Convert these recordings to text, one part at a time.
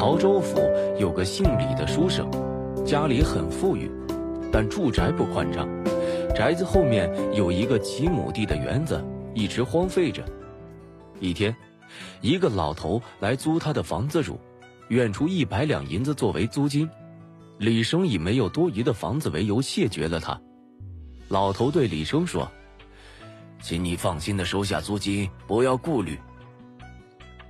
潮州府有個姓李的書生，家裡很富裕，但住宅不寬敞。宅子後面有一個幾畝地的園子，一直荒廢着。一天，一個老頭來租他的房子住，願出一百兩銀子作為租金。李生以沒有多餘的房子為由謝絕了他。老頭對李生說：“請你放心的收下租金，不要顧慮。”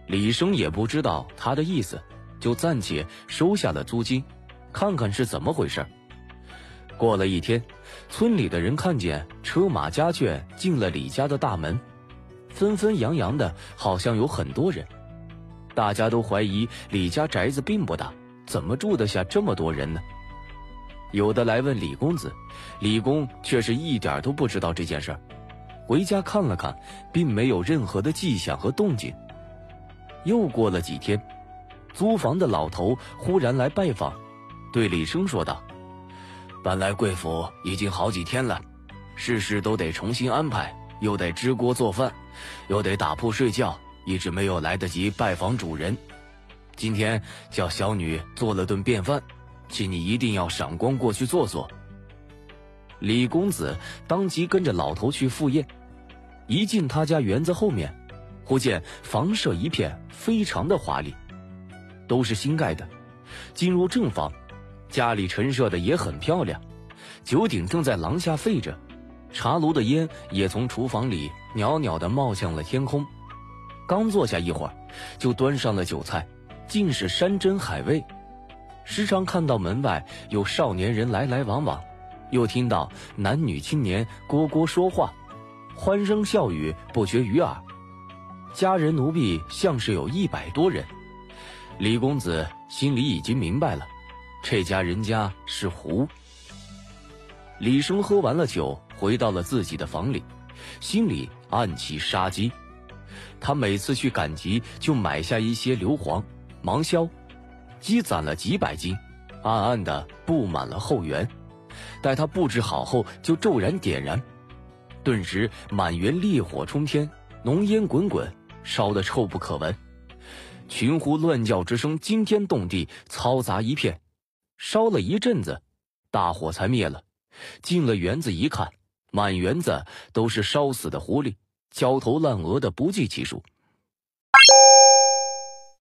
李生也不知道他的意思。就暫且收下了租金，看看是怎麼回事。過了一天，村裡的人看見車馬家眷進了李家的大門，紛紛揚揚的，好像有很多人。大家都懷疑李家宅子並不大，怎麼住得下這麼多人呢？有的來問李公子，李公卻是一點都不知道這件事兒。回家看了看，並沒有任何的跡象和動靜。又過了幾天。租房的老頭忽然來拜訪，對李生說道：“搬來貴府已經好幾天了，事事都得重新安排，又得支鍋做飯，又得打鋪睡覺，一直沒有來得及拜訪主人。今天叫小女做了頓便飯，請你一定要賞光過去坐坐。”李公子當即跟着老頭去赴宴，一進他家園子後面，忽見房舍一片，非常的華麗。都是新蓋的，進入正房，家裡陳設的也很漂亮。酒鼎正在廊下沸着，茶爐的煙也從廚房裡裊裊地冒向了天空。剛坐下一會兒，就端上了酒菜，盡是山珍海味。時常看到門外有少年人來來往往，又聽到男女青年蟈蟈說話，歡聲笑語不絕於耳。家人奴婢像是有一百多人。李公子心裡已經明白了，這家人家是胡。李生喝完了酒，回到了自己的房裡，心裡暗起殺機。他每次去趕集，就買下一些硫磺、芒硝，積攢了幾百斤，暗暗地布滿了後園。待他布置好後，就驟然點燃，頓時滿園烈火沖天，濃煙滾滾，燒得臭不可聞。群狐亂叫之聲驚天動地，嘈雜一片。燒了一陣子，大火才滅了。進了園子一看，滿園子都是燒死的狐狸，焦頭爛額的不計其數。